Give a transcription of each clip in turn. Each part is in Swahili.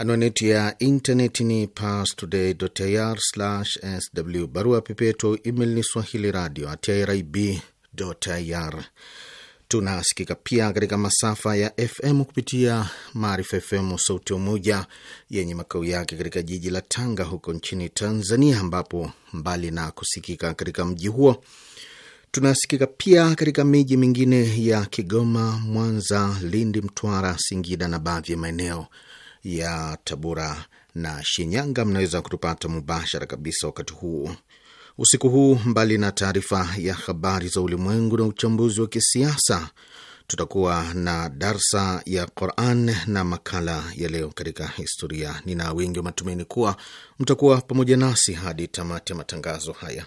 Anwani yetu ya intaneti ni parstoday.ir/sw. Barua pepe yetu email ni swahili radio @irib.ir. Tunasikika pia katika masafa ya FM kupitia Maarifa FM Sauti Umoja yenye makao yake katika jiji la Tanga huko nchini Tanzania, ambapo mbali na kusikika katika mji huo tunasikika pia katika miji mingine ya Kigoma, Mwanza, Lindi, Mtwara, Singida na baadhi ya maeneo ya Tabora na Shinyanga. Mnaweza kutupata mubashara kabisa wakati huu usiku huu. Mbali na taarifa ya habari za ulimwengu na uchambuzi wa kisiasa, tutakuwa na darsa ya Quran na makala ya leo katika historia. Nina wingi wa matumaini kuwa mtakuwa pamoja nasi hadi tamati ya matangazo haya.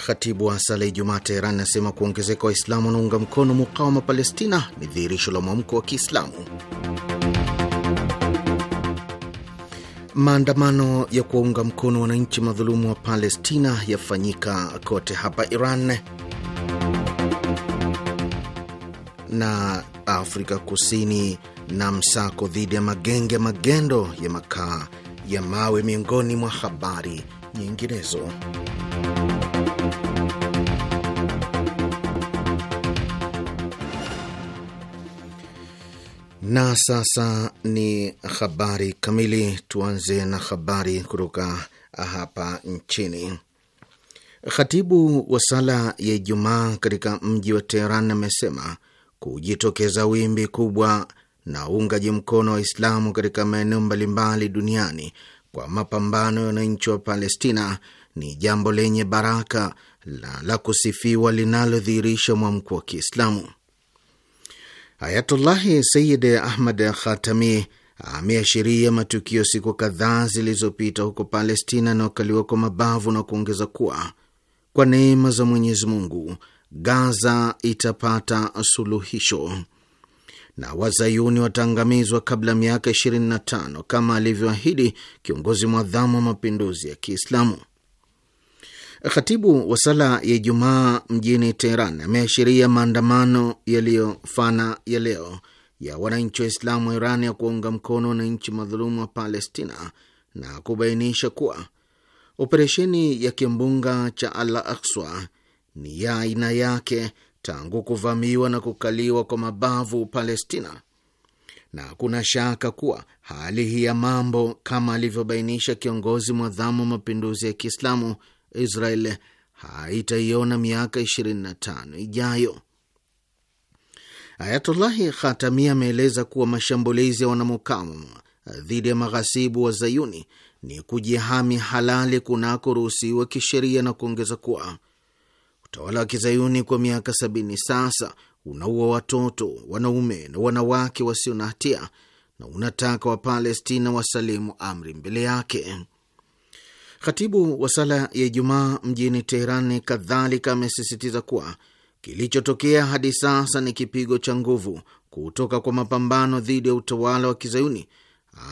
Khatibu wa sala Ijumaa Teheran anasema kuongezeka Waislamu wanaunga mkono mukawama Palestina ni dhihirisho la mwamko wa Kiislamu. Maandamano ya kuwaunga mkono wananchi madhulumu wa Palestina yafanyika kote hapa Iran. Na Afrika Kusini na msako dhidi ya magenge ya magendo ya makaa ya mawe, miongoni mwa habari nyinginezo. Na sasa ni habari kamili. Tuanze na habari kutoka hapa nchini. Khatibu wa sala ya Ijumaa katika mji wa Teheran amesema kujitokeza wimbi kubwa na uungaji mkono wa Islamu katika maeneo mbalimbali duniani kwa mapambano ya wananchi wa Palestina ni jambo lenye baraka la, la kusifiwa linalodhihirisha mwamko wa Kiislamu. Ayatullahi Sayid Ahmad Khatami ameashiria matukio siku kadhaa zilizopita huko Palestina anaokaliwa kwa mabavu na kuongeza kuwa kwa neema za Mwenyezi Mungu Gaza itapata suluhisho na wazayuni wataangamizwa kabla miaka 25 kama alivyoahidi kiongozi mwadhamu wa mapinduzi ya Kiislamu. Khatibu wa sala ya Ijumaa mjini Teheran ameashiria maandamano yaliyofana ya leo ya wananchi wa Islamu wa Iran ya kuwaunga mkono wananchi madhulumu wa Palestina na kubainisha kuwa operesheni ya kimbunga cha Al Akswa ni ya aina yake tangu kuvamiwa na kukaliwa kwa mabavu Palestina, na kuna shaka kuwa hali hii ya mambo, kama alivyobainisha kiongozi mwadhamu wa mapinduzi ya Kiislamu Israel haitaiona miaka 25 ijayo. Ayatullahi Khatami ameeleza kuwa mashambulizi ya wanamukawama dhidi ya maghasibu wa zayuni ni kujihami halali kunakoruhusiwa kisheria na kuongeza kuwa utawala wa kizayuni kwa miaka sabini sasa unaua watoto, wanaume na wanawake wasio na hatia na unataka Wapalestina wasalimu amri mbele yake. Khatibu wa sala ya Ijumaa mjini Teherani kadhalika amesisitiza kuwa kilichotokea hadi sasa ni kipigo cha nguvu kutoka kwa mapambano dhidi ya utawala wa kizayuni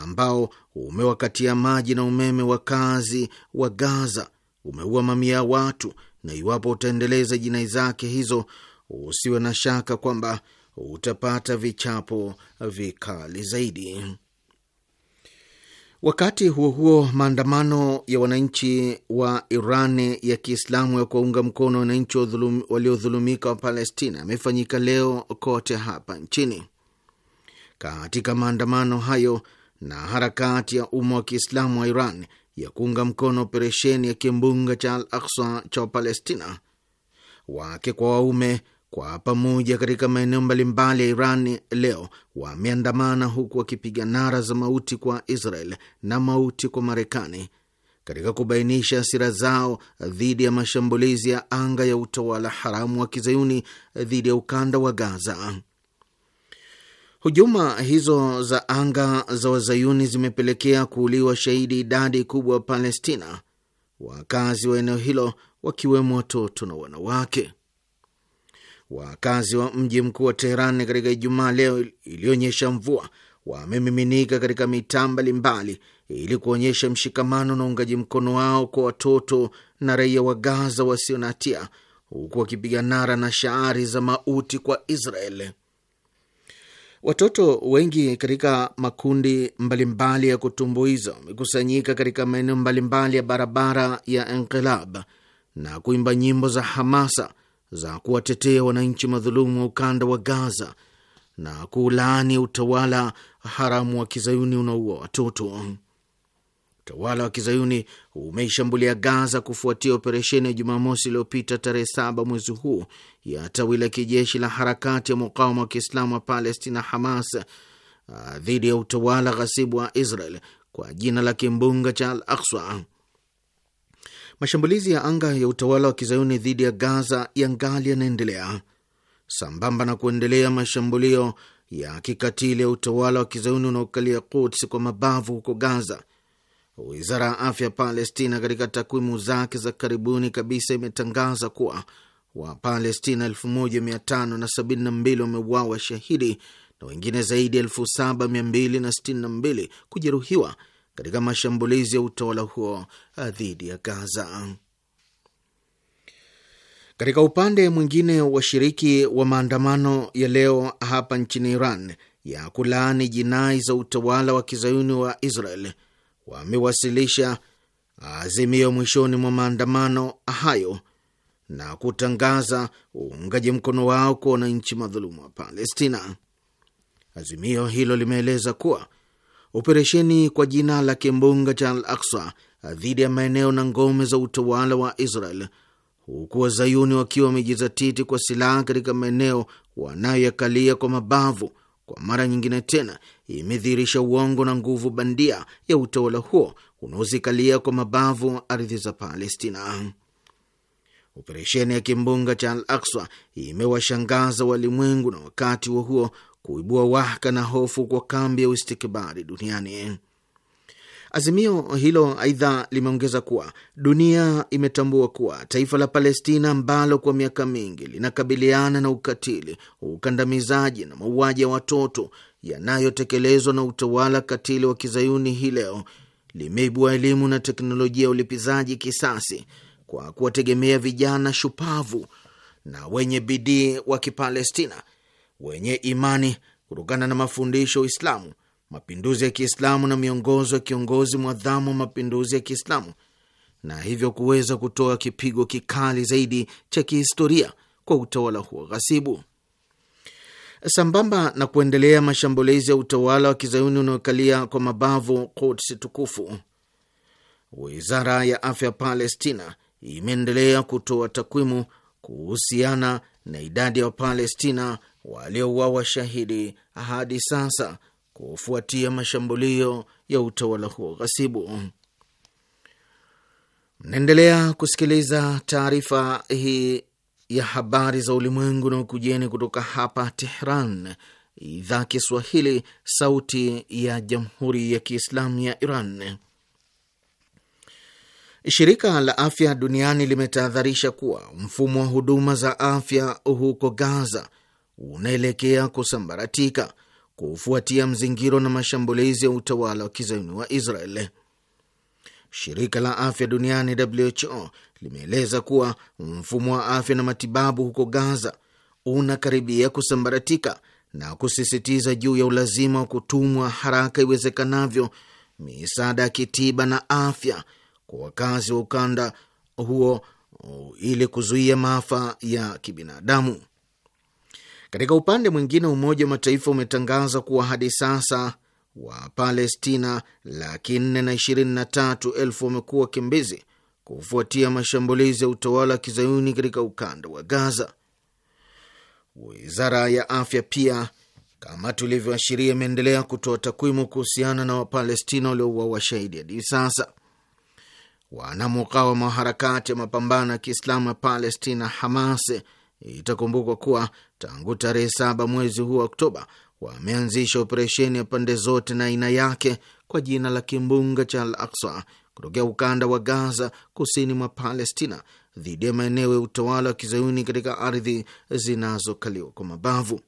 ambao umewakatia maji na umeme wakazi wa Gaza, umeua mamia ya watu, na iwapo utaendeleza jinai zake hizo, usiwe na shaka kwamba utapata vichapo vikali zaidi. Wakati huo huo, maandamano ya wananchi wa Iran ya Kiislamu ya kuwaunga mkono wananchi waliodhulumika wa Palestina yamefanyika leo kote hapa nchini. Katika maandamano hayo na harakati ya umma wa Kiislamu wa Iran ya kuunga mkono operesheni ya kimbunga cha Al Aksa cha Wapalestina, wake kwa waume kwa pamoja katika maeneo mbalimbali ya Iran leo wameandamana huku wakipiga nara za mauti kwa Israel na mauti kwa Marekani katika kubainisha hasira zao dhidi ya mashambulizi ya anga ya utawala haramu wa kizayuni dhidi ya ukanda wa Gaza. Hujuma hizo za anga za wazayuni zimepelekea kuuliwa shahidi idadi kubwa wa Palestina, wakazi wa eneo hilo wakiwemo watoto na wanawake. Wakazi wa mji mkuu wa Teheran katika Ijumaa leo iliyoonyesha mvua wamemiminika katika mitaa mbalimbali ili kuonyesha mshikamano na uungaji mkono wao kwa watoto na raia wa Gaza wasio na hatia, huku wakipiga nara na shaari za mauti kwa Israel. Watoto wengi katika makundi mbalimbali ya kutumbuiza wamekusanyika katika maeneo mbalimbali ya barabara ya Enqilab na kuimba nyimbo za hamasa za kuwatetea wananchi madhulumu wa ukanda wa Gaza na kuulaani utawala haramu wa kizayuni unaua watoto. Utawala wa kizayuni umeishambulia Gaza kufuatia operesheni ya Jumamosi iliyopita tarehe saba mwezi huu ya tawi la kijeshi la harakati ya mukawama wa kiislamu wa Palestina, Hamas, dhidi ya utawala ghasibu wa Israel kwa jina la kimbunga cha Al Akswa. Mashambulizi ya anga ya utawala wa kizayuni dhidi ya Gaza yangali yanaendelea sambamba na kuendelea mashambulio ya kikatili ya utawala wa kizayuni unaokalia Quds kwa mabavu huko Gaza. Wizara ya afya ya Palestina katika takwimu zake za karibuni kabisa imetangaza kuwa Wapalestina 1572 wameuawa shahidi na wengine zaidi ya 7262 kujeruhiwa katika mashambulizi ya utawala huo eh, dhidi ya Gaza. Katika upande mwingine, washiriki wa maandamano ya leo hapa nchini Iran ya kulaani jinai za utawala wa kizayuni wa Israel wamewasilisha azimio mwishoni mwa maandamano hayo na kutangaza uungaji mkono wao kwa wananchi madhulumu wa Palestina. Azimio hilo limeeleza kuwa Operesheni kwa jina la kimbunga cha Al Aksa dhidi ya maeneo na ngome za utawala wa Israel, huku wazayuni wakiwa wamejizatiti kwa silaha katika maeneo wanayoyakalia kwa mabavu, kwa mara nyingine tena imedhihirisha uongo na nguvu bandia ya utawala huo unaozikalia kwa mabavu ardhi za Palestina. Operesheni ya kimbunga cha Al Akswa imewashangaza walimwengu na wakati wa huo kuibua wahaka na hofu kwa kambi ya uistikibari duniani. Azimio hilo aidha limeongeza kuwa dunia imetambua kuwa taifa la Palestina ambalo kwa miaka mingi linakabiliana na ukatili, ukandamizaji na mauaji ya watoto yanayotekelezwa na utawala katili wa kizayuni, hii leo limeibua elimu na teknolojia ya ulipizaji kisasi kwa kuwategemea vijana shupavu na wenye bidii wa Kipalestina wenye imani kutokana na mafundisho ya Uislamu, mapinduzi ya Kiislamu na miongozo ya kiongozi mwadhamu wa mapinduzi ya Kiislamu, na hivyo kuweza kutoa kipigo kikali zaidi cha kihistoria kwa utawala huo ghasibu. Sambamba na kuendelea mashambulizi ya utawala wa kizayuni unaokalia kwa mabavu Quds tukufu, wizara ya afya ya Palestina imeendelea kutoa takwimu kuhusiana na idadi ya Wapalestina waliouawa shahidi hadi sasa kufuatia mashambulio ya utawala huo ghasibu. Mnaendelea kusikiliza taarifa hii ya habari za ulimwengu na ukujeni kutoka hapa Tehran, idhaa Kiswahili, sauti ya jamhuri ya kiislamu ya Iran. Shirika la afya duniani limetahadharisha kuwa mfumo wa huduma za afya huko Gaza unaelekea kusambaratika kufuatia mzingiro na mashambulizi ya utawala wa kizayuni wa Israeli. Shirika la afya duniani WHO limeeleza kuwa mfumo wa afya na matibabu huko Gaza unakaribia kusambaratika na kusisitiza juu ya ulazima wa kutumwa haraka iwezekanavyo misaada ya kitiba na afya kwa wakazi wa ukanda huo ili kuzuia maafa ya kibinadamu. Katika upande mwingine, Umoja wa Mataifa umetangaza kuwa hadi sasa Wapalestina laki nne na ishirini na tatu elfu wamekuwa wakimbizi kufuatia mashambulizi ya utawala wa kizayuni katika ukanda wa Gaza. Wizara ya afya pia, kama tulivyoashiria, imeendelea kutoa takwimu kuhusiana na Wapalestina waliouawa shahidi hadi sasa. Wanamukawama wa harakati ya mapambano ya Kiislamu ya Palestina, Hamas, itakumbukwa kuwa tangu tarehe saba mwezi huu wa Oktoba wameanzisha operesheni ya pande zote na aina yake kwa jina la kimbunga cha Al Aksa kutokea ukanda wa Gaza kusini mwa Palestina dhidi ya maeneo ya utawala wa kizayuni katika ardhi zinazokaliwa kwa mabavu.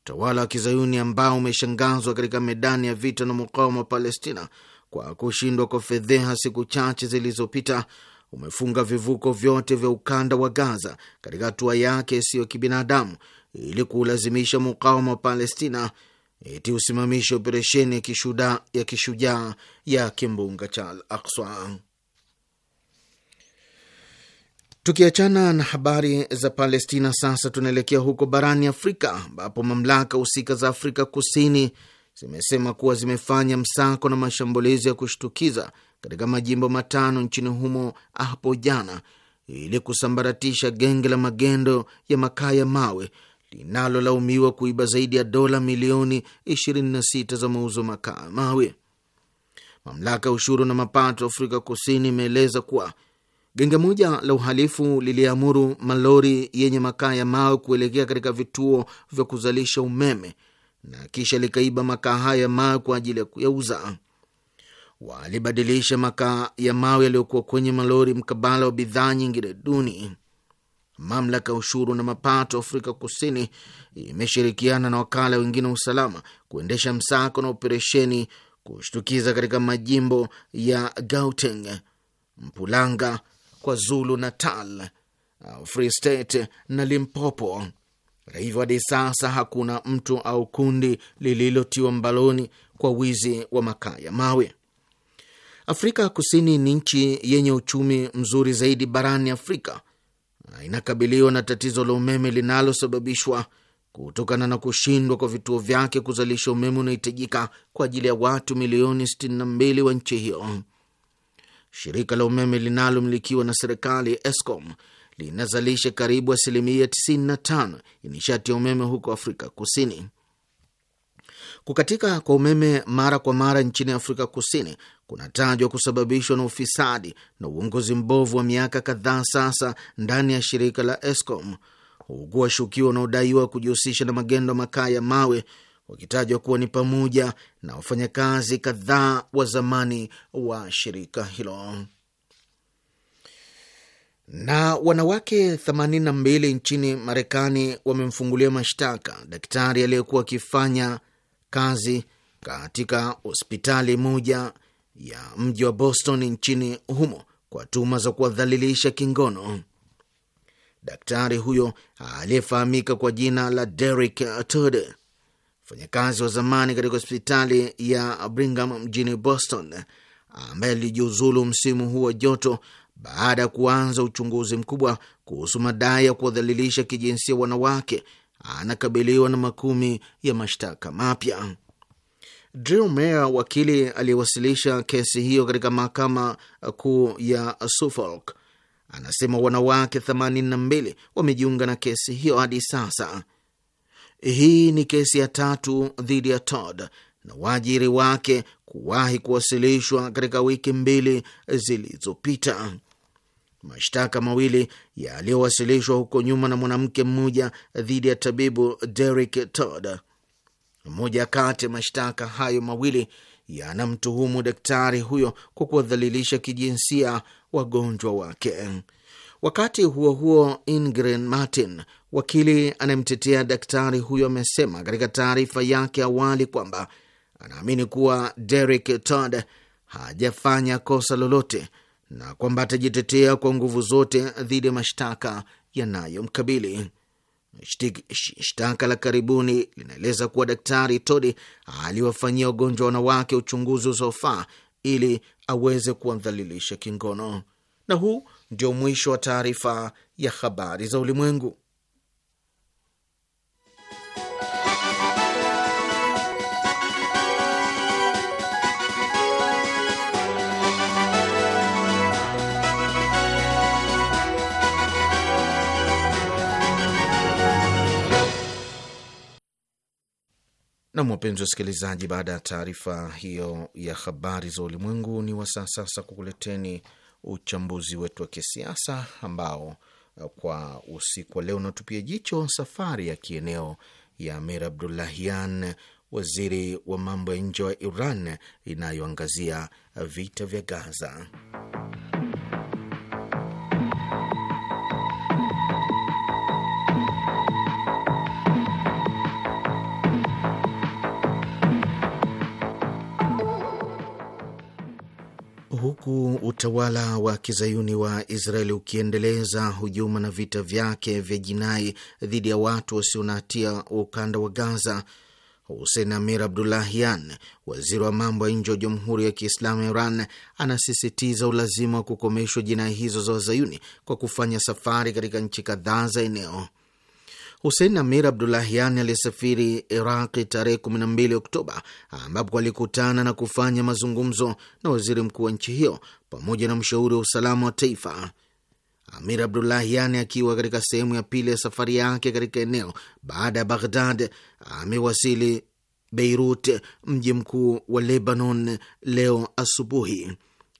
Utawala wa kizayuni ambao umeshangazwa katika medani ya vita na mukawama wa Palestina kwa kushindwa kwa fedheha siku chache zilizopita umefunga vivuko vyote vya ukanda wa Gaza katika hatua yake isiyo kibinadamu ili kuulazimisha mukawama wa Palestina iti usimamishe operesheni ya kishujaa ya kimbunga cha Al Aqsa. Tukiachana na habari za Palestina, sasa tunaelekea huko barani Afrika ambapo mamlaka husika za Afrika Kusini zimesema kuwa zimefanya msako na mashambulizi ya kushtukiza katika majimbo matano nchini humo hapo jana ili kusambaratisha genge la magendo ya makaa ya mawe linalolaumiwa kuiba zaidi ya dola milioni 26 za mauzo makaa mawe. Mamlaka ya ushuru na mapato Afrika Kusini imeeleza kuwa genge moja la uhalifu liliamuru malori yenye makaa ya mawe kuelekea katika vituo vya kuzalisha umeme na kisha likaiba makaa hayo ya mawe kwa ajili ya kuyauza walibadilisha makaa ya mawe yaliyokuwa kwenye malori mkabala wa bidhaa nyingine duni. Mamlaka ya ushuru na mapato Afrika Kusini imeshirikiana na wakala wengine wa usalama kuendesha msako na operesheni kushtukiza katika majimbo ya Gauteng, Mpulanga, kwa zulu Natal, Free State na Limpopo. Hata hivyo, hadi sasa hakuna mtu au kundi lililotiwa mbaloni kwa wizi wa makaa ya mawe. Afrika Kusini ni nchi yenye uchumi mzuri zaidi barani Afrika na inakabiliwa na tatizo la umeme linalosababishwa kutokana na kushindwa kwa vituo vyake kuzalisha umeme unaohitajika kwa ajili ya watu milioni 62 wa nchi hiyo. Shirika la umeme linalomilikiwa na serikali Eskom linazalisha karibu asilimia 95 ya nishati ya umeme huko Afrika Kusini. Kukatika kwa umeme mara kwa mara nchini Afrika Kusini kunatajwa kusababishwa na ufisadi na uongozi mbovu wa miaka kadhaa sasa ndani ya shirika la Eskom, huku washukiwa wanaodaiwa kujihusisha na magendo makaa ya mawe wakitajwa kuwa ni pamoja na wafanyakazi kadhaa wa zamani wa shirika hilo. Na wanawake 82 nchini Marekani wamemfungulia mashtaka daktari aliyekuwa akifanya kazi katika hospitali moja ya mji wa Boston nchini humo kwa tuhuma za kuwadhalilisha kingono. Daktari huyo aliyefahamika kwa jina la Derek Todd, mfanyakazi wa zamani katika hospitali ya Brigham mjini Boston, ambaye alijiuzulu msimu huu wa joto baada ya kuanza uchunguzi mkubwa kuhusu madai ya kuwadhalilisha kijinsia wanawake anakabiliwa na makumi ya mashtaka mapya. Drew Meyer, wakili aliyewasilisha kesi hiyo katika mahakama kuu ya Suffolk, anasema wanawake 82 wamejiunga na kesi hiyo hadi sasa. Hii ni kesi ya tatu dhidi ya Todd na waajiri wake kuwahi kuwasilishwa katika wiki mbili zilizopita mashtaka mawili yaliyowasilishwa huko nyuma na mwanamke mmoja dhidi ya tabibu Derek Todd. Mmoja kati ya mashtaka hayo mawili yanamtuhumu daktari huyo kwa kuwadhalilisha kijinsia wagonjwa wake. Wakati huo huo, Ingrid Martin, wakili anayemtetea daktari huyo, amesema katika taarifa yake awali kwamba anaamini kuwa Derek Todd hajafanya kosa lolote na kwamba atajitetea kwa nguvu zote dhidi ya mashtaka yanayomkabili. Shtaka la karibuni linaeleza kuwa Daktari Todi aliwafanyia wagonjwa wanawake uchunguzi usiofaa ili aweze kuwadhalilisha kingono. Na huu ndio mwisho wa taarifa ya habari za ulimwengu. Nam, wapenzi wasikilizaji, baada ya taarifa hiyo ya habari za ulimwengu, ni wasaa sasa kukuleteni uchambuzi wetu wa kisiasa ambao uh, kwa usiku wa leo unatupia jicho safari ya kieneo ya Amir Abdullahian, waziri wa mambo ya nje wa Iran, inayoangazia vita vya Gaza. Huku utawala wa kizayuni wa Israeli ukiendeleza hujuma na vita vyake vya jinai dhidi ya watu wasio na hatia wa ukanda wa Gaza, Husein Amir Abdullahian, waziri wa mambo ya nje wa Jamhuri ya Kiislamu ya Iran, anasisitiza ulazima wa kukomeshwa jinai hizo za Wazayuni kwa kufanya safari katika nchi kadhaa za eneo. Husein Amir yani aliyesafiri Iraqi tarehe 12 Oktoba, ambapo alikutana na kufanya mazungumzo na waziri mkuu wa nchi hiyo pamoja na mshauri wa usalama wa taifa. Amir yani akiwa katika sehemu ya pili ya safari yake katika eneo baada ya Baghdad, amewasili Beirut, mji mkuu wa Lebanon, leo asubuhi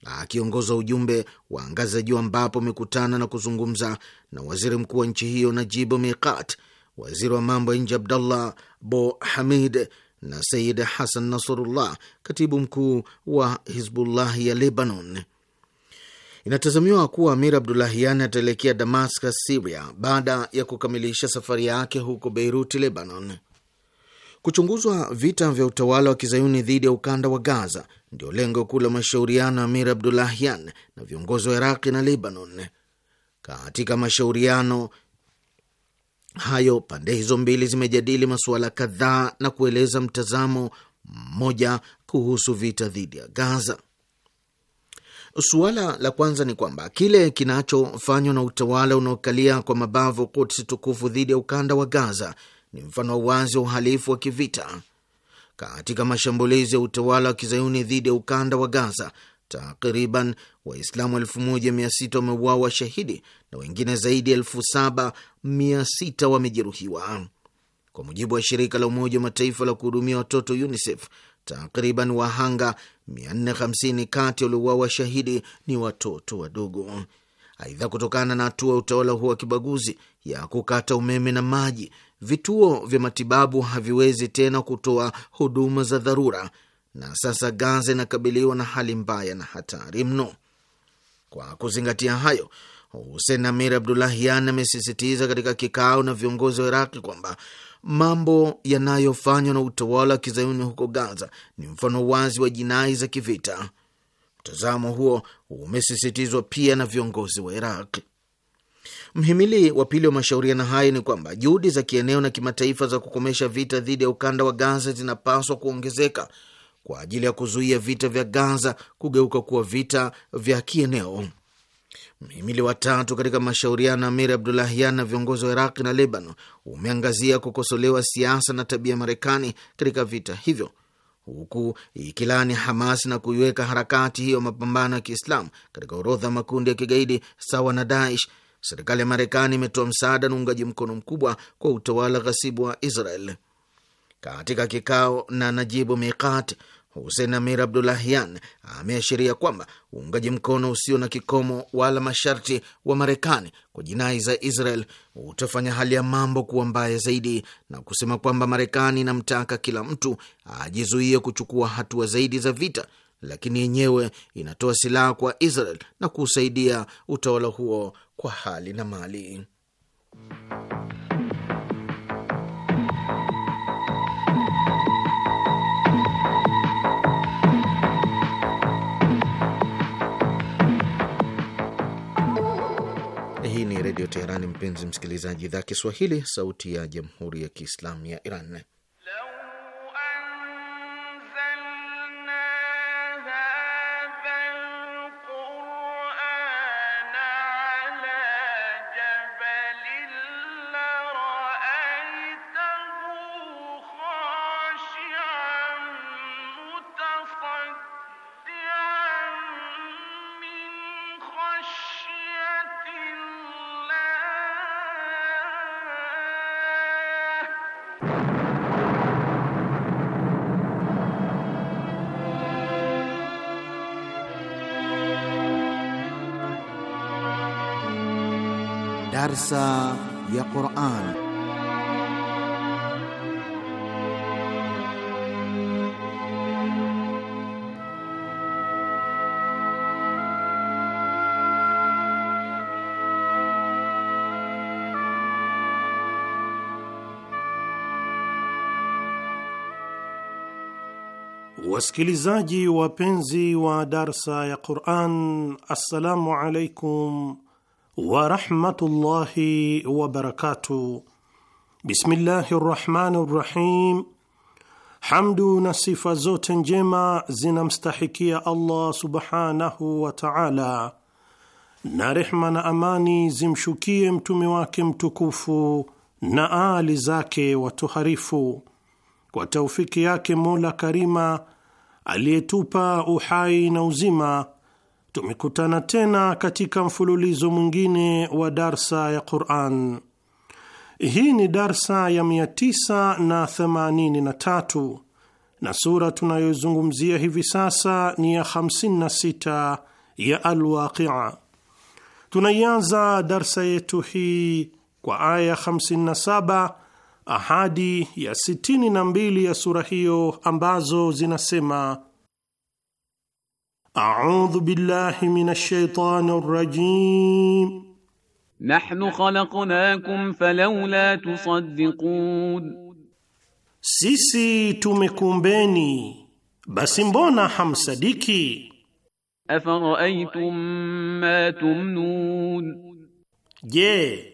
akiongoza ujumbe wa ngazi ya juu ambapo amekutana na kuzungumza na waziri mkuu wa nchi hiyo najibu Mikati waziri wa mambo ya nje Abdallah Bo Hamid na Sayid Hasan Nasrullah, katibu mkuu wa Hizbullah ya Lebanon. Inatazamiwa kuwa Amir Abdulahian ataelekea Damascus, Siria, baada ya kukamilisha safari yake huko Beirut, Lebanon. Kuchunguzwa vita vya utawala wa kizayuni dhidi ya ukanda wa Gaza ndio lengo kuu la mashauriano ya Amir Abdulahian na viongozi wa Iraqi na Lebanon. Katika mashauriano hayo pande hizo mbili zimejadili masuala kadhaa na kueleza mtazamo mmoja kuhusu vita dhidi ya Gaza. Suala la kwanza ni kwamba kile kinachofanywa na utawala unaokalia kwa mabavu Quds tukufu dhidi ya ukanda wa Gaza ni mfano wa wazi wa uhalifu wa kivita. Katika mashambulizi ya utawala wa kizayuni dhidi ya ukanda wa Gaza, takriban Waislamu 1600 wameuawa shahidi na wengine zaidi ya 7600 wamejeruhiwa. Kwa mujibu wa shirika la Umoja wa Mataifa la kuhudumia watoto UNICEF, takriban wahanga 450 kati waliouawa shahidi ni watoto wadogo. Aidha, kutokana na hatua ya utawala huo wa kibaguzi ya kukata umeme na maji, vituo vya matibabu haviwezi tena kutoa huduma za dharura, na sasa Gaza inakabiliwa na hali mbaya na hatari mno. Kwa kuzingatia hayo, husen Amir Abdulahian amesisitiza katika kikao na viongozi wa Iraqi kwamba mambo yanayofanywa na utawala wa kizayuni huko Gaza ni mfano wazi wa jinai za kivita. Mtazamo huo umesisitizwa pia na viongozi wa Iraq. Mhimili wa pili wa mashauriano hayo ni kwamba juhudi za kieneo na kimataifa za kukomesha vita dhidi ya ukanda wa Gaza zinapaswa kuongezeka kwa ajili ya kuzuia vita vya Gaza kugeuka kuwa vita vya kieneo. Mhimili watatu katika mashauriano Amir Abdulahian na viongozi wa Iraqi na Lebanon umeangazia kukosolewa siasa na tabia Marekani katika vita hivyo huku ikilani Hamas na kuiweka harakati hiyo mapambano ya Kiislamu katika orodha makundi ya kigaidi sawa na Daesh. Serikali ya Marekani imetoa msaada na uungaji mkono mkubwa kwa utawala ghasibu wa Israel. Katika kikao na Najibu Miqat, Husein Amir Abdulahian ameashiria kwamba uungaji mkono usio na kikomo wala masharti wa Marekani kwa jinai za Israel utafanya hali ya mambo kuwa mbaya zaidi, na kusema kwamba Marekani inamtaka kila mtu ajizuie kuchukua hatua zaidi za vita, lakini yenyewe inatoa silaha kwa Israel na kuusaidia utawala huo kwa hali na mali. Hii ni Redio Teherani, mpenzi msikilizaji, idhaa Kiswahili, sauti ya Jamhuri ya Kiislamu ya Iran. هرسا يا قرآن Wasikilizaji wapenzi wa darsa ya Quran, assalamu alaikum wa rahmatullahi wa barakatuh. Bismillahi rahmani rahim. Hamdu na sifa zote njema zinamstahikia Allah subhanahu wa ta'ala, na rehma na amani zimshukie mtume wake mtukufu na aali zake watoharifu. Kwa taufiki yake Mola Karima aliyetupa uhai na uzima tumekutana tena katika mfululizo mwingine wa darsa ya Quran. Hii ni darsa ya 983 na sura tunayozungumzia hivi sasa ni ya 56 ya Alwaqia. Tunaianza darsa yetu hii kwa aya 57 ahadi ya 62 ya sura hiyo ambazo zinasema أعوذ بالله من الشيطان الرجيم نحن خلقناكم فلولا تصدقون sisi tumekumbeni basi mbona hamsadiki afaraitum ma tumnun je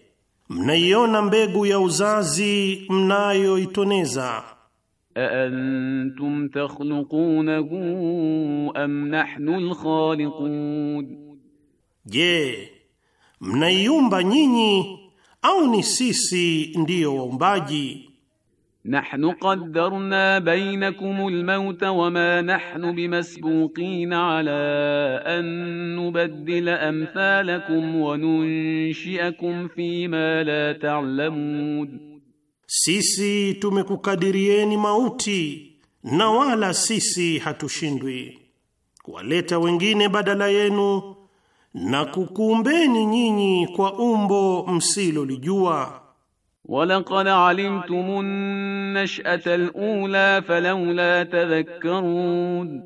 mnaiona mbegu ya uzazi mnayoitoneza أأنتم تخلقونه أم نحن الخالقون Je, mnaiumba nyinyi au ni sisi ndiyo waumbaji? Nahnu qaddarna bainakum al-maut wa ma nahnu bimasbuqin ala an nubaddila amthalakum wa nunshiakum fima la ta'lamun ta sisi tumekukadirieni mauti na wala sisi hatushindwi kuwaleta wengine badala yenu na kukumbeni nyinyi kwa umbo msilolijua. walaqad alimtumun nash'ata alula falawla tadhakkarun,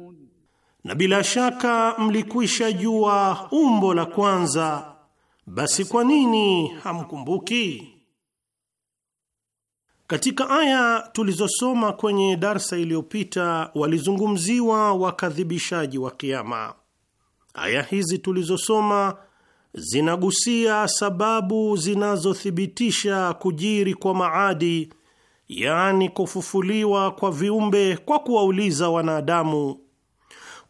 na bila shaka mlikwisha jua umbo la kwanza, basi kwa nini hamkumbuki? Katika aya tulizosoma kwenye darsa iliyopita, walizungumziwa wakadhibishaji wa kiama. Aya hizi tulizosoma zinagusia sababu zinazothibitisha kujiri kwa maadi, yaani kufufuliwa kwa viumbe, kwa kuwauliza wanadamu,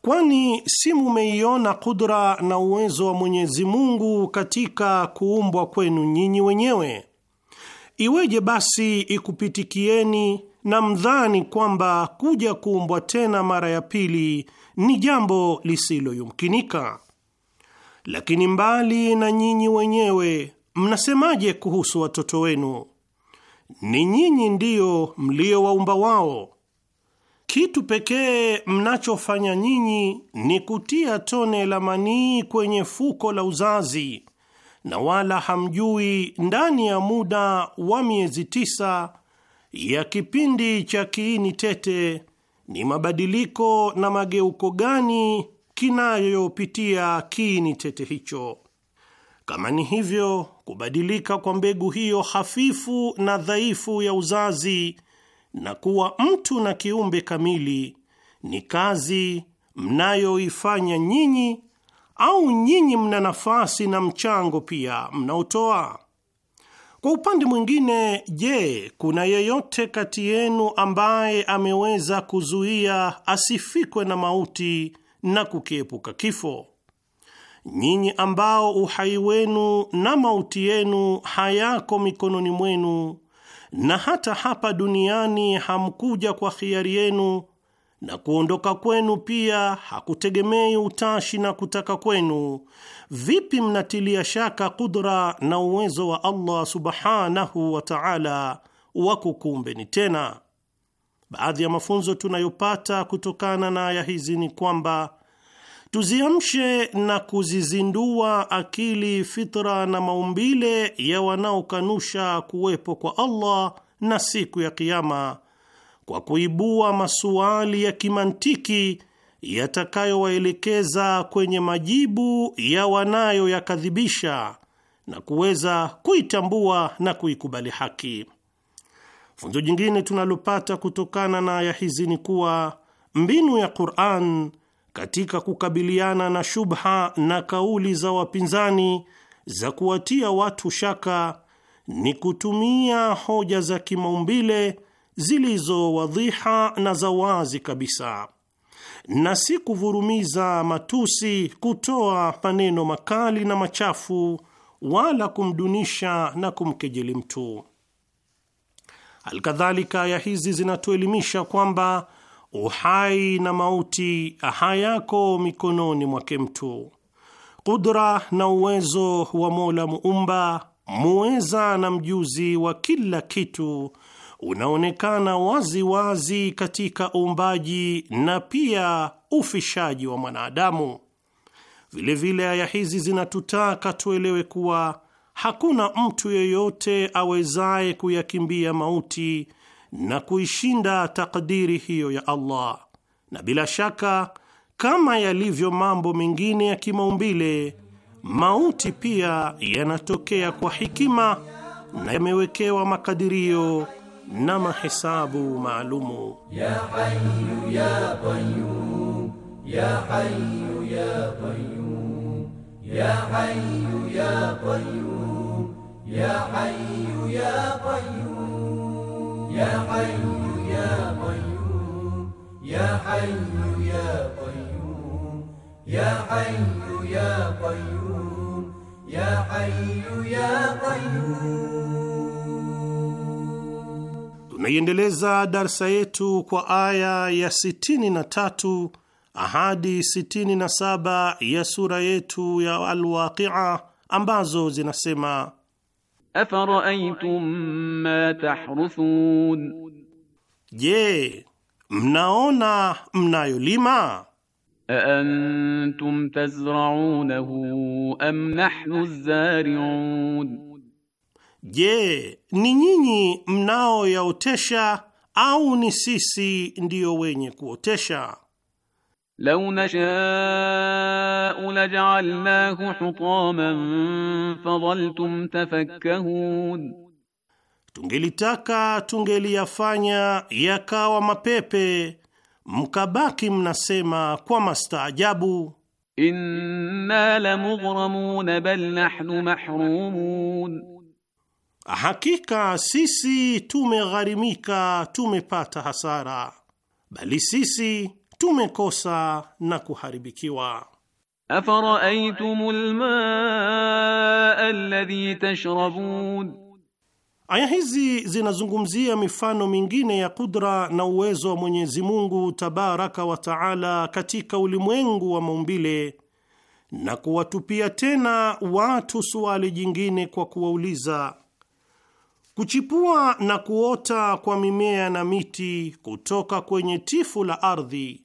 kwani si mumeiona kudra na uwezo wa Mwenyezi Mungu katika kuumbwa kwenu nyinyi wenyewe iweje basi ikupitikieni na mdhani kwamba kuja kuumbwa tena mara ya pili ni jambo lisiloyumkinika? Lakini mbali na nyinyi wenyewe, mnasemaje kuhusu watoto wenu? Ni nyinyi ndiyo mliowaumba wao. Kitu pekee mnachofanya nyinyi ni kutia tone la manii kwenye fuko la uzazi na wala hamjui ndani ya muda wa miezi tisa ya kipindi cha kiini tete ni mabadiliko na mageuko gani kinayopitia kiini tete hicho. Kama ni hivyo, kubadilika kwa mbegu hiyo hafifu na dhaifu ya uzazi na kuwa mtu na kiumbe kamili ni kazi mnayoifanya nyinyi au nyinyi mna nafasi na mchango pia mnaotoa? Kwa upande mwingine, je, kuna yeyote kati yenu ambaye ameweza kuzuia asifikwe na mauti na kukiepuka kifo? Nyinyi ambao uhai wenu na mauti yenu hayako mikononi mwenu, na hata hapa duniani hamkuja kwa hiari yenu na kuondoka kwenu pia hakutegemei utashi na kutaka kwenu. Vipi mnatilia shaka kudra na uwezo wa Allah subhanahu wa ta'ala wa kukumbeni tena? Baadhi ya mafunzo tunayopata kutokana na aya hizi ni kwamba tuziamshe na kuzizindua akili, fitra na maumbile ya wanaokanusha kuwepo kwa Allah na siku ya Kiyama kwa kuibua masuali ya kimantiki yatakayowaelekeza kwenye majibu ya wanayoyakadhibisha na kuweza kuitambua na kuikubali haki. Funzo jingine tunalopata kutokana na aya hizi ni kuwa mbinu ya Qur'an katika kukabiliana na shubha na kauli za wapinzani za kuwatia watu shaka ni kutumia hoja za kimaumbile zilizo wadhiha na za wazi kabisa, na si kuvurumiza matusi, kutoa maneno makali na machafu, wala kumdunisha na kumkejeli mtu. Alkadhalika, aya hizi zinatuelimisha kwamba uhai na mauti hayako mikononi mwake mtu. Kudra na uwezo wa Mola Muumba, muweza na mjuzi wa kila kitu unaonekana wazi wazi katika uumbaji na pia ufishaji wa mwanadamu. Vilevile aya hizi zinatutaka tuelewe kuwa hakuna mtu yeyote awezaye kuyakimbia mauti na kuishinda takdiri hiyo ya Allah, na bila shaka kama yalivyo mambo mengine ya kimaumbile, mauti pia yanatokea kwa hikima na yamewekewa makadirio na mahesabu maalumu. Ya Hayyu ya Qayyum, ya Hayyu ya Qayyum, ya Hayyu ya Qayyum, ya Hayyu ya Qayyum, ya Hayyu ya Qayyum, ya Hayyu ya Qayyum, ya Hayyu ya Qayyum, ya Hayyu ya Qayyum. Tunaiendeleza darsa yetu kwa aya ya 63 hadi 67 ya sura yetu ya Alwaqia ambazo zinasema: afara'aytum ma tahruthun, je, mnaona mnayolima? aantum tazra'unahu am nahnu zariun Je, ni nyinyi mnaoyaotesha au ni sisi ndiyo wenye kuotesha? lau nashau lajaalnahu hutaman fadhaltum tafakkahun, tungelitaka tungeliyafanya yakawa mapepe mkabaki mnasema kwa mastaajabu. Inna lamughramun bal nahnu mahrumun Hakika sisi tumegharimika, tumepata hasara, bali sisi tumekosa na kuharibikiwa. aya hizi zinazungumzia mifano mingine ya kudra na uwezo wa Mwenyezi Mungu tabaraka wa taala katika ulimwengu wa maumbile na kuwatupia tena watu suali jingine kwa kuwauliza Kuchipua na kuota kwa mimea na miti kutoka kwenye tifu la ardhi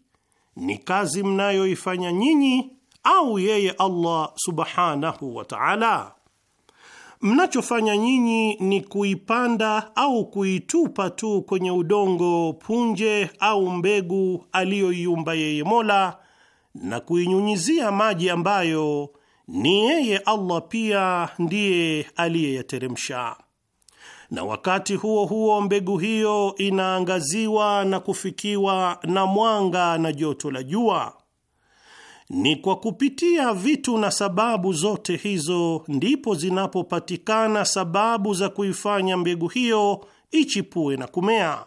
ni kazi mnayoifanya nyinyi au yeye Allah subhanahu wa ta'ala? Mnachofanya nyinyi ni kuipanda au kuitupa tu kwenye udongo punje au mbegu aliyoiumba yeye Mola na kuinyunyizia maji ambayo ni yeye Allah pia ndiye aliyeyateremsha na wakati huo huo mbegu hiyo inaangaziwa na kufikiwa na mwanga na joto la jua. Ni kwa kupitia vitu na sababu zote hizo ndipo zinapopatikana sababu za kuifanya mbegu hiyo ichipue na kumea,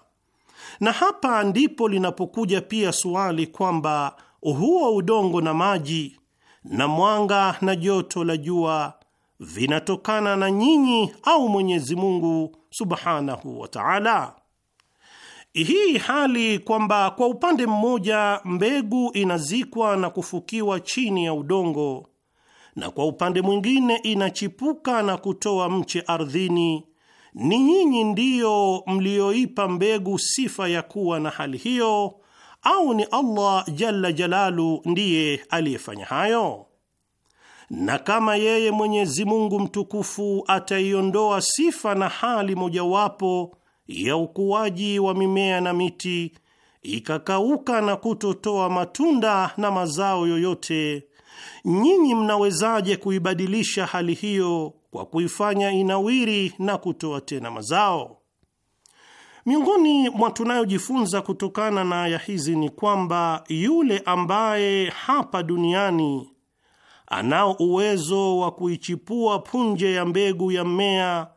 na hapa ndipo linapokuja pia suali kwamba huo udongo na maji na mwanga na joto la jua vinatokana na nyinyi au Mwenyezi Mungu subhanahu wa taala. Hii hali kwamba kwa upande mmoja mbegu inazikwa na kufukiwa chini ya udongo na kwa upande mwingine inachipuka na kutoa mche ardhini, ni nyinyi ndiyo mlioipa mbegu sifa ya kuwa na hali hiyo, au ni Allah jalla jalalu ndiye aliyefanya hayo? na kama yeye Mwenyezi Mungu mtukufu ataiondoa sifa na hali mojawapo ya ukuaji wa mimea na miti ikakauka na kutotoa matunda na mazao yoyote, nyinyi mnawezaje kuibadilisha hali hiyo kwa kuifanya inawiri na kutoa tena mazao? Miongoni mwa tunayojifunza kutokana na aya hizi ni kwamba yule ambaye hapa duniani anao uwezo wa kuichipua punje ya mbegu ya mmea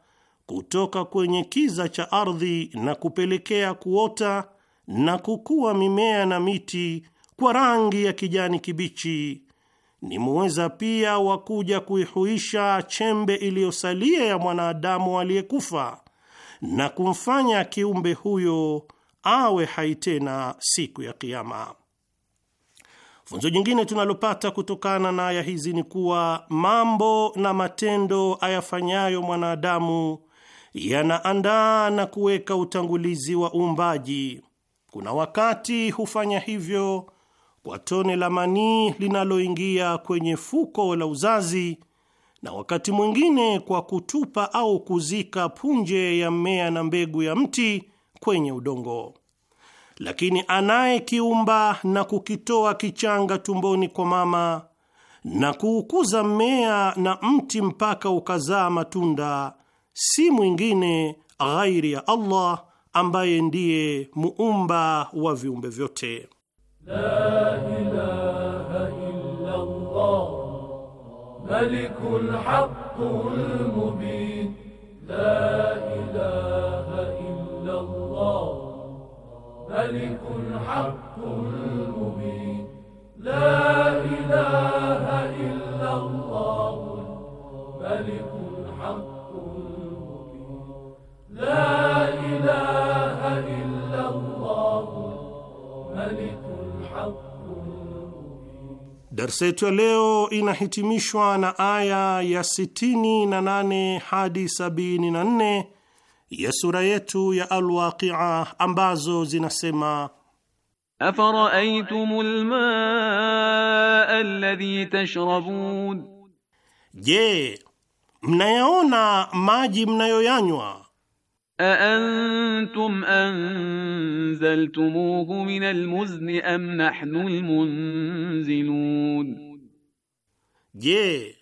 kutoka kwenye kiza cha ardhi na kupelekea kuota na kukua mimea na miti kwa rangi ya kijani kibichi, ni muweza pia wa kuja kuihuisha chembe iliyosalia ya mwanadamu aliyekufa na kumfanya kiumbe huyo awe hai tena siku ya Kiama. Funzo jingine tunalopata kutokana na aya hizi ni kuwa mambo na matendo ayafanyayo mwanadamu yanaandaa na kuweka utangulizi wa uumbaji. Kuna wakati hufanya hivyo kwa tone la manii linaloingia kwenye fuko la uzazi, na wakati mwingine kwa kutupa au kuzika punje ya mmea na mbegu ya mti kwenye udongo lakini anayekiumba na kukitoa kichanga tumboni kwa mama na kuukuza mmea na mti mpaka ukazaa matunda si mwingine ghairi ya Allah ambaye ndiye muumba wa viumbe vyote. La ilaha illa Allah, malikul haqqul mubin. La ilaha illa Allah ملك حق مبين لا إله إلا الله الملك الحق المبين لا إله إلا الله الملك الحق Darsa yetu ya leo inahitimishwa na aya ya 68 hadi 74 ya sura yetu ya Alwaqia ambazo zinasema afara'aytumul maa alladhi tashrabun, je, mnayaona maji mnayoyanywa? aantum anzaltumuhu min muzni am nahnu almunzilun, je,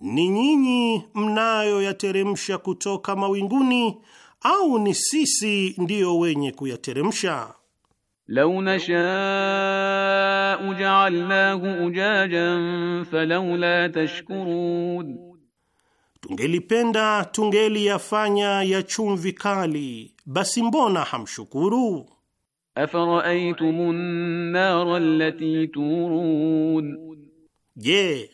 ni nyinyi mnayoyateremsha kutoka mawinguni au ni sisi ndio wenye kuyateremsha? lau nashau jaalnahu ujajan falaula tashkurun, tungelipenda tungeliyafanya ya chumvi kali, basi mbona hamshukuru? Afara'aytumun nar allati turun, je,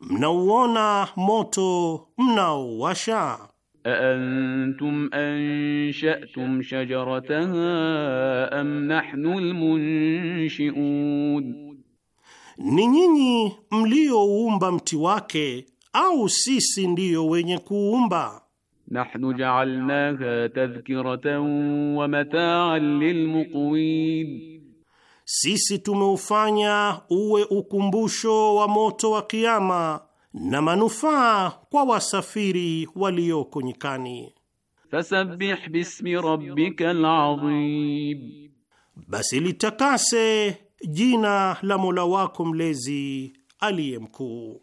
mnauona moto mnaowasha? أأنتم أنشأتم شجرتها أم نحن المنشئون ni nyinyi mlioumba mti wake au sisi ndiyo wenye kuumba nahnu jaalnaha tadhkiratan wa mataan lilmuqwin sisi tumeufanya uwe ukumbusho wa moto wa kiama na manufaa kwa wasafiri walioko nyikani. Fasabbih bismi rabbikal azim, basi litakase jina la Mola wako mlezi aliye mkuu.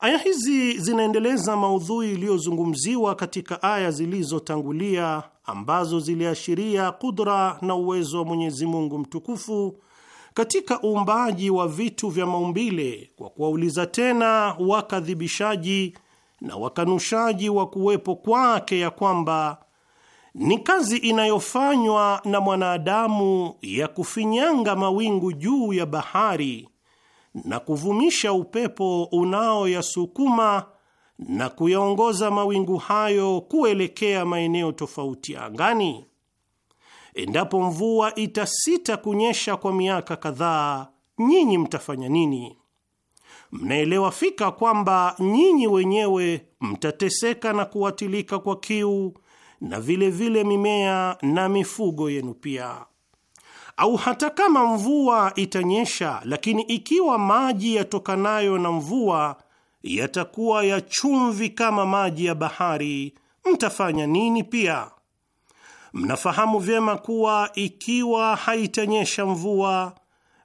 Aya hizi zinaendeleza maudhui iliyozungumziwa katika aya zilizotangulia ambazo ziliashiria kudra na uwezo wa Mwenyezi Mungu mtukufu katika uumbaji wa vitu vya maumbile kwa kuwauliza tena wakadhibishaji na wakanushaji wa kuwepo kwake ya kwamba ni kazi inayofanywa na mwanadamu ya kufinyanga mawingu juu ya bahari na kuvumisha upepo unaoyasukuma na kuyaongoza mawingu hayo kuelekea maeneo tofauti ya angani endapo mvua itasita kunyesha kwa miaka kadhaa, nyinyi mtafanya nini? Mnaelewa fika kwamba nyinyi wenyewe mtateseka na kuwatilika kwa kiu na vilevile vile mimea na mifugo yenu pia. Au hata kama mvua itanyesha, lakini ikiwa maji yatokanayo na mvua yatakuwa ya chumvi kama maji ya bahari, mtafanya nini pia? Mnafahamu vyema kuwa ikiwa haitanyesha mvua,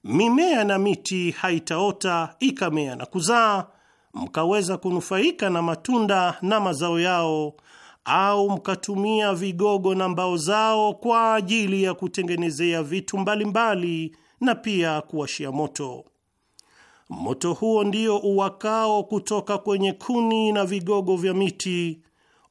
mimea na miti haitaota ikamea na kuzaa, mkaweza kunufaika na matunda na mazao yao, au mkatumia vigogo na mbao zao kwa ajili ya kutengenezea vitu mbalimbali mbali, na pia kuwashia moto. Moto huo ndio uwakao kutoka kwenye kuni na vigogo vya miti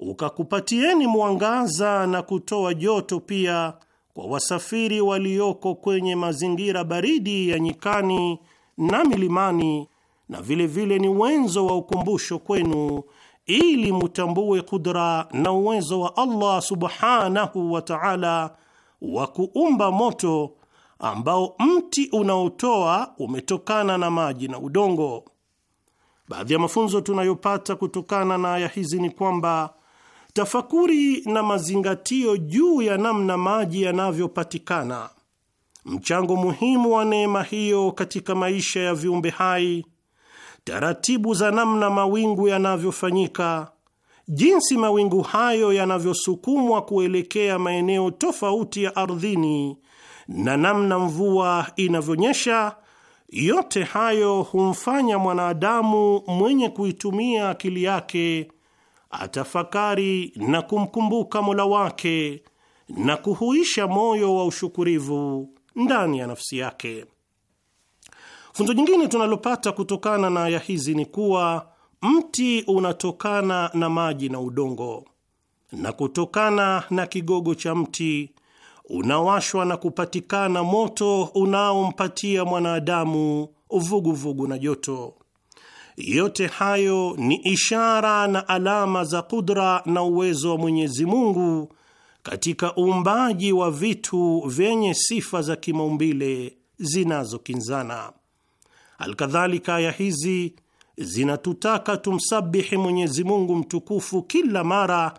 ukakupatieni mwangaza na kutoa joto pia kwa wasafiri walioko kwenye mazingira baridi ya nyikani na milimani, na vilevile vile ni wenzo wa ukumbusho kwenu ili mutambue kudra na uwezo wa Allah subhanahu wa ta'ala wa kuumba moto ambao mti unaotoa umetokana na maji na udongo. Baadhi ya mafunzo tunayopata kutokana na aya hizi ni kwamba tafakuri na mazingatio juu ya namna maji yanavyopatikana, mchango muhimu wa neema hiyo katika maisha ya viumbe hai, taratibu za namna mawingu yanavyofanyika, jinsi mawingu hayo yanavyosukumwa kuelekea maeneo tofauti ya ardhini na namna mvua inavyonyesha. Yote hayo humfanya mwanadamu mwenye kuitumia akili yake atafakari na kumkumbuka Mola wake na kuhuisha moyo wa ushukurivu ndani ya nafsi yake. Funzo jingine tunalopata kutokana na aya hizi ni kuwa mti unatokana na maji na udongo, na kutokana na kigogo cha mti unawashwa na kupatikana moto unaompatia mwanadamu vuguvugu na joto. Yote hayo ni ishara na alama za kudra na uwezo wa Mwenyezi Mungu katika uumbaji wa vitu vyenye sifa za kimaumbile zinazokinzana. Alkadhalika, aya hizi zinatutaka tumsabihi Mwenyezi Mungu mtukufu kila mara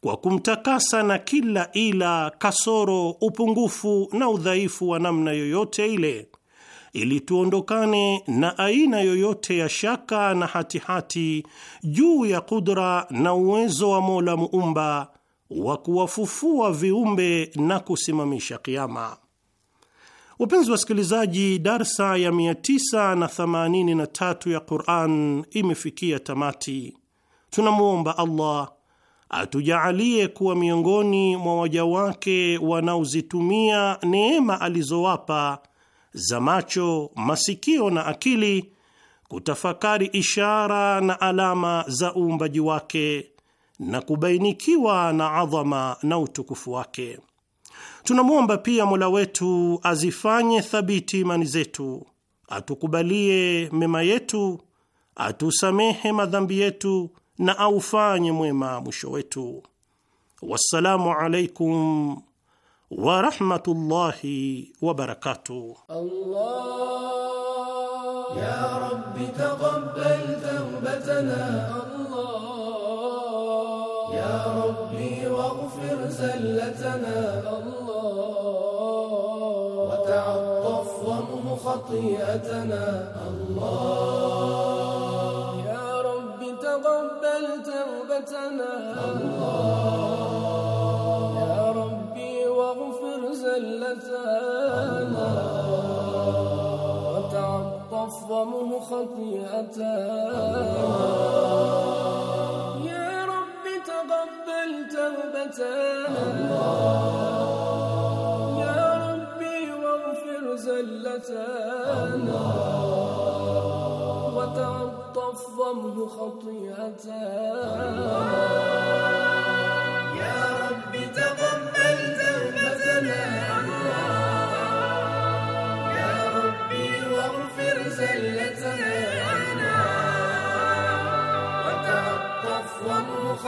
kwa kumtakasa na kila ila, kasoro, upungufu na udhaifu wa namna yoyote ile ili tuondokane na aina yoyote ya shaka na hatihati hati juu ya kudra na uwezo wa Mola muumba wa kuwafufua viumbe na kusimamisha kiama. Wapenzi wasikilizaji, darsa ya 983 ya Quran imefikia tamati. Tunamwomba Allah atujaalie kuwa miongoni mwa waja wake wanaozitumia neema alizowapa za macho, masikio na akili kutafakari ishara na alama za uumbaji wake na kubainikiwa na adhama na utukufu wake. Tunamwomba pia Mola wetu azifanye thabiti imani zetu, atukubalie mema yetu, atusamehe madhambi yetu na aufanye mwema mwisho wetu. Wassalamu alaikum ورحمة الله وبركاته الله يا رب تقبل توبتنا الله يا ربي واغفر زلتنا الله وتعطف ومه خطيئتنا الله يا رب تقبل توبتنا الله لسانا وتعطف فمه خطيئتانا توبتان يا ربي واغفر زلتان وتعطف ضمه خطيئتنا يا رب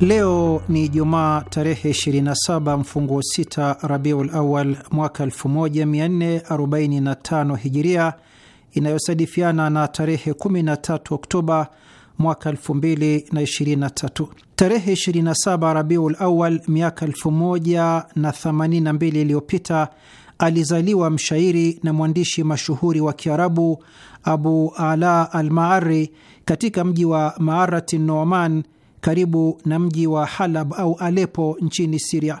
Leo ni Jumaa tarehe 27 mfunguo 6 Rabiul Awal mwaka 1445 Hijiria, inayosadifiana na tarehe 13 Oktoba mwaka 2023. Tarehe 27 Rabiul Awal miaka 1082 iliyopita alizaliwa mshairi na mwandishi mashuhuri wa Kiarabu Abu Ala al Maari katika mji wa Maarati Noman karibu na mji wa Halab au Alepo nchini Siria.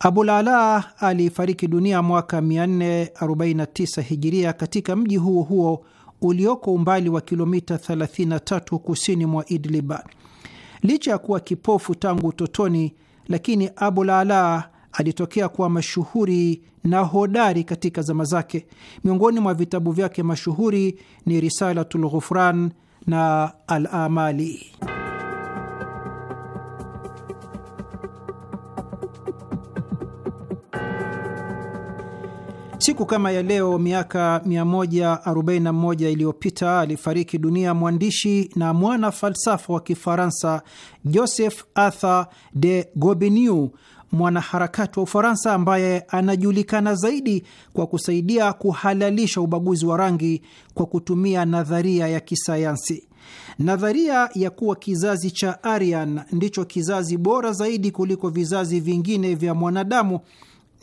Abul alifariki dunia mwaka 449 hijiria katika mji huo huo ulioko umbali wa kilomita 33 kusini mwa Idlib. Licha ya kuwa kipofu tangu utotoni, lakini Abul alitokea kuwa mashuhuri na hodari katika zama zake. Miongoni mwa vitabu vyake mashuhuri ni Risalatul Ghufran na Al Amali. Siku kama ya leo miaka 141 iliyopita alifariki dunia mwandishi na mwana falsafa wa Kifaransa Joseph Arthur de Gobineau, mwanaharakati wa Ufaransa ambaye anajulikana zaidi kwa kusaidia kuhalalisha ubaguzi wa rangi kwa kutumia nadharia ya kisayansi. Nadharia ya kuwa kizazi cha Aryan ndicho kizazi bora zaidi kuliko vizazi vingine vya mwanadamu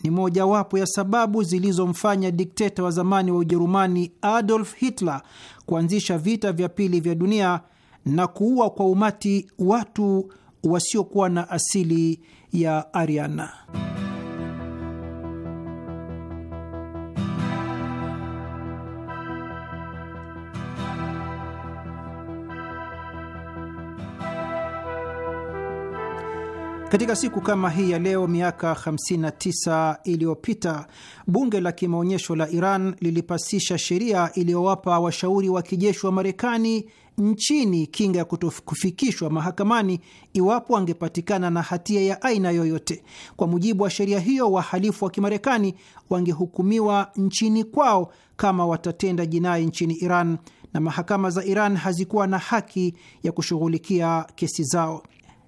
ni mojawapo ya sababu zilizomfanya dikteta wa zamani wa Ujerumani Adolf Hitler kuanzisha vita vya pili vya dunia na kuua kwa umati watu wasiokuwa na asili ya Ariana. Katika siku kama hii ya leo miaka 59 iliyopita bunge la kimaonyesho la Iran lilipasisha sheria iliyowapa washauri wa kijeshi wa Marekani nchini kinga ya kutokufikishwa mahakamani iwapo wangepatikana na hatia ya aina yoyote. Kwa mujibu wa sheria hiyo, wahalifu wa Kimarekani wangehukumiwa nchini kwao kama watatenda jinai nchini Iran, na mahakama za Iran hazikuwa na haki ya kushughulikia kesi zao.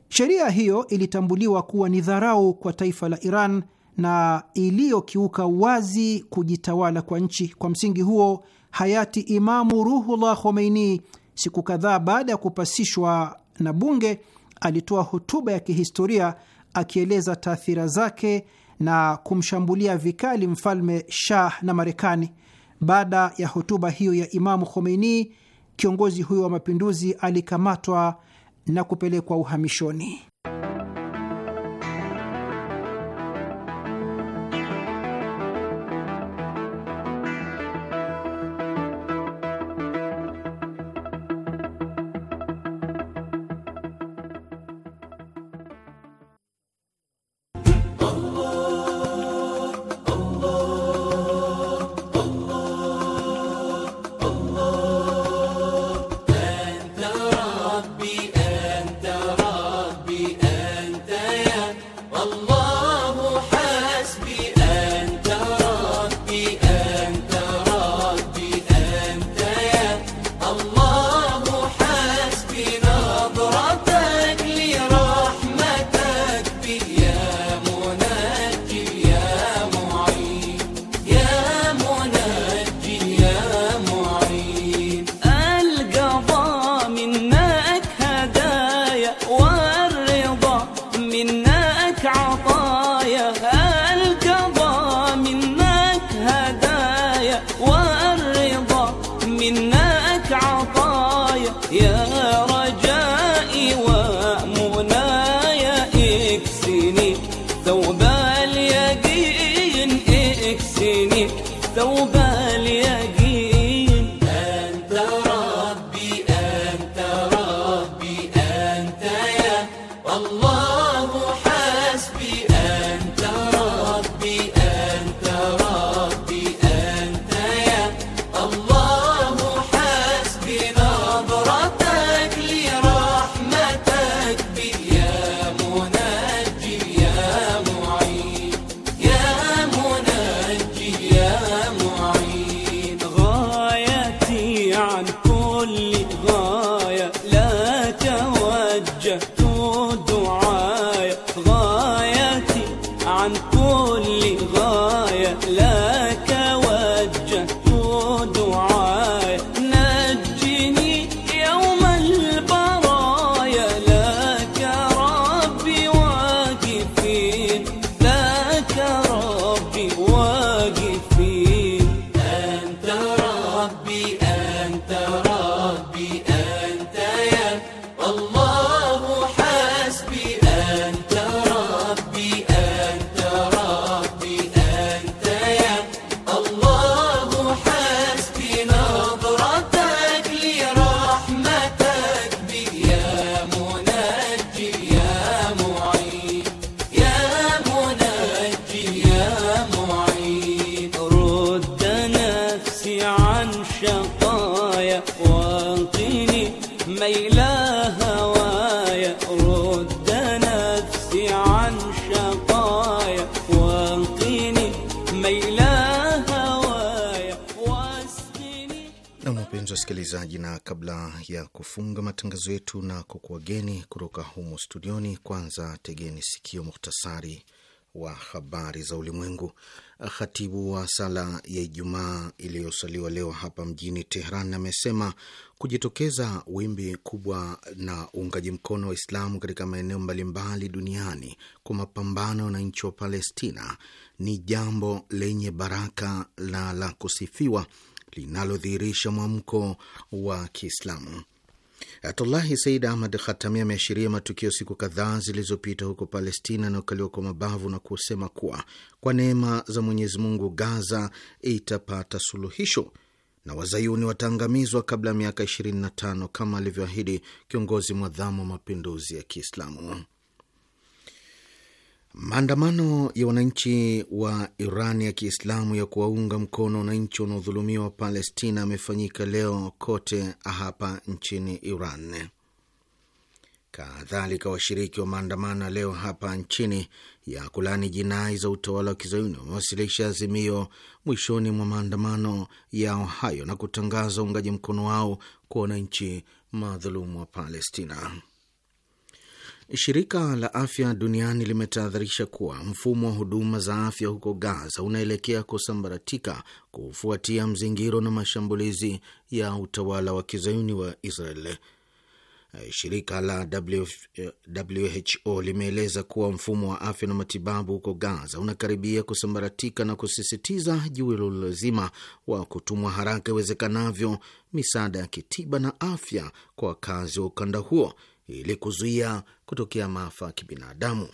Sheria hiyo ilitambuliwa kuwa ni dharau kwa taifa la Iran na iliyokiuka wazi kujitawala kwa nchi. Kwa msingi huo, hayati Imamu Ruhullah Khomeini, siku kadhaa baada ya kupasishwa na bunge, alitoa hotuba ya kihistoria akieleza taathira zake na kumshambulia vikali mfalme Shah na Marekani. Baada ya hotuba hiyo ya Imamu Khomeini, kiongozi huyo wa mapinduzi alikamatwa na kupelekwa uhamishoni. matangazo yetu na kukuageni kutoka humo studioni. Kwanza tegeni sikio muhtasari wa habari za ulimwengu. Khatibu wa sala ya Ijumaa iliyosaliwa leo hapa mjini Tehran amesema kujitokeza wimbi kubwa na uungaji mkono wa Islamu katika maeneo mbalimbali duniani kwa mapambano na nchi wa Palestina ni jambo lenye baraka na la kusifiwa linalodhihirisha mwamko wa Kiislamu. Ayatullahi Said Ahmad Khatami ameashiria matukio siku kadhaa zilizopita huko Palestina anaokaliwa kwa mabavu na kusema kuwa kwa neema za Mwenyezi Mungu Gaza itapata suluhisho na wazayuni wataangamizwa kabla ya miaka 25 kama alivyoahidi kiongozi mwadhamu wa mapinduzi ya Kiislamu. Maandamano ya wananchi wa Iran ya Kiislamu ya kuwaunga mkono wananchi wanaodhulumiwa wa Palestina amefanyika leo kote hapa nchini Iran. Kadhalika, washiriki wa maandamano ya leo hapa nchini ya kulani jinai za utawala wa kizayuni wamewasilisha azimio mwishoni mwa maandamano yao hayo na kutangaza uungaji mkono wao kwa wananchi madhulumu wa Palestina. Shirika la Afya Duniani limetahadharisha kuwa mfumo wa huduma za afya huko Gaza unaelekea kusambaratika kufuatia mzingiro na mashambulizi ya utawala wa kizayuni wa Israel. Shirika la WHO limeeleza kuwa mfumo wa afya na matibabu huko Gaza unakaribia kusambaratika na kusisitiza juu la ulazima wa kutumwa haraka iwezekanavyo misaada ya kitiba na afya kwa wakazi wa ukanda huo ili kuzuia kutokea maafa ya kibinadamu.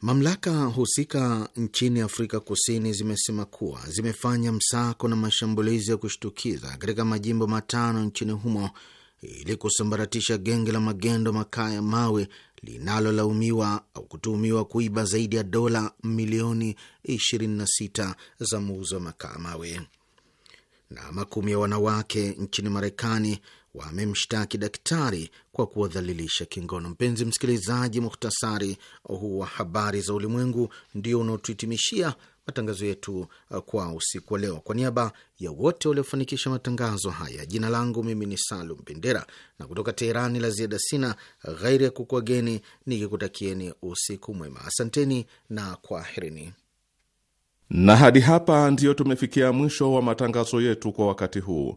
Mamlaka husika nchini Afrika Kusini zimesema kuwa zimefanya msako na mashambulizi ya kushtukiza katika majimbo matano nchini humo ili kusambaratisha genge la magendo makaa ya mawe linalolaumiwa au kutuhumiwa kuiba zaidi ya dola milioni 26 za muuzo wa makaa mawe. Na makumi ya wanawake nchini Marekani wamemshtaki daktari kwa kuwadhalilisha kingono. Mpenzi msikilizaji, muhtasari huu wa habari za ulimwengu ndio unaotuhitimishia matangazo yetu uh, kwa usiku wa leo. Kwa niaba ya wote waliofanikisha matangazo haya, jina langu mimi ni Salum Bendera na kutoka Teherani la ziada sina ghairi ya kukuageni nikikutakieni usiku mwema. Asanteni na kwaherini. Na hadi hapa ndiyo tumefikia mwisho wa matangazo yetu kwa wakati huu.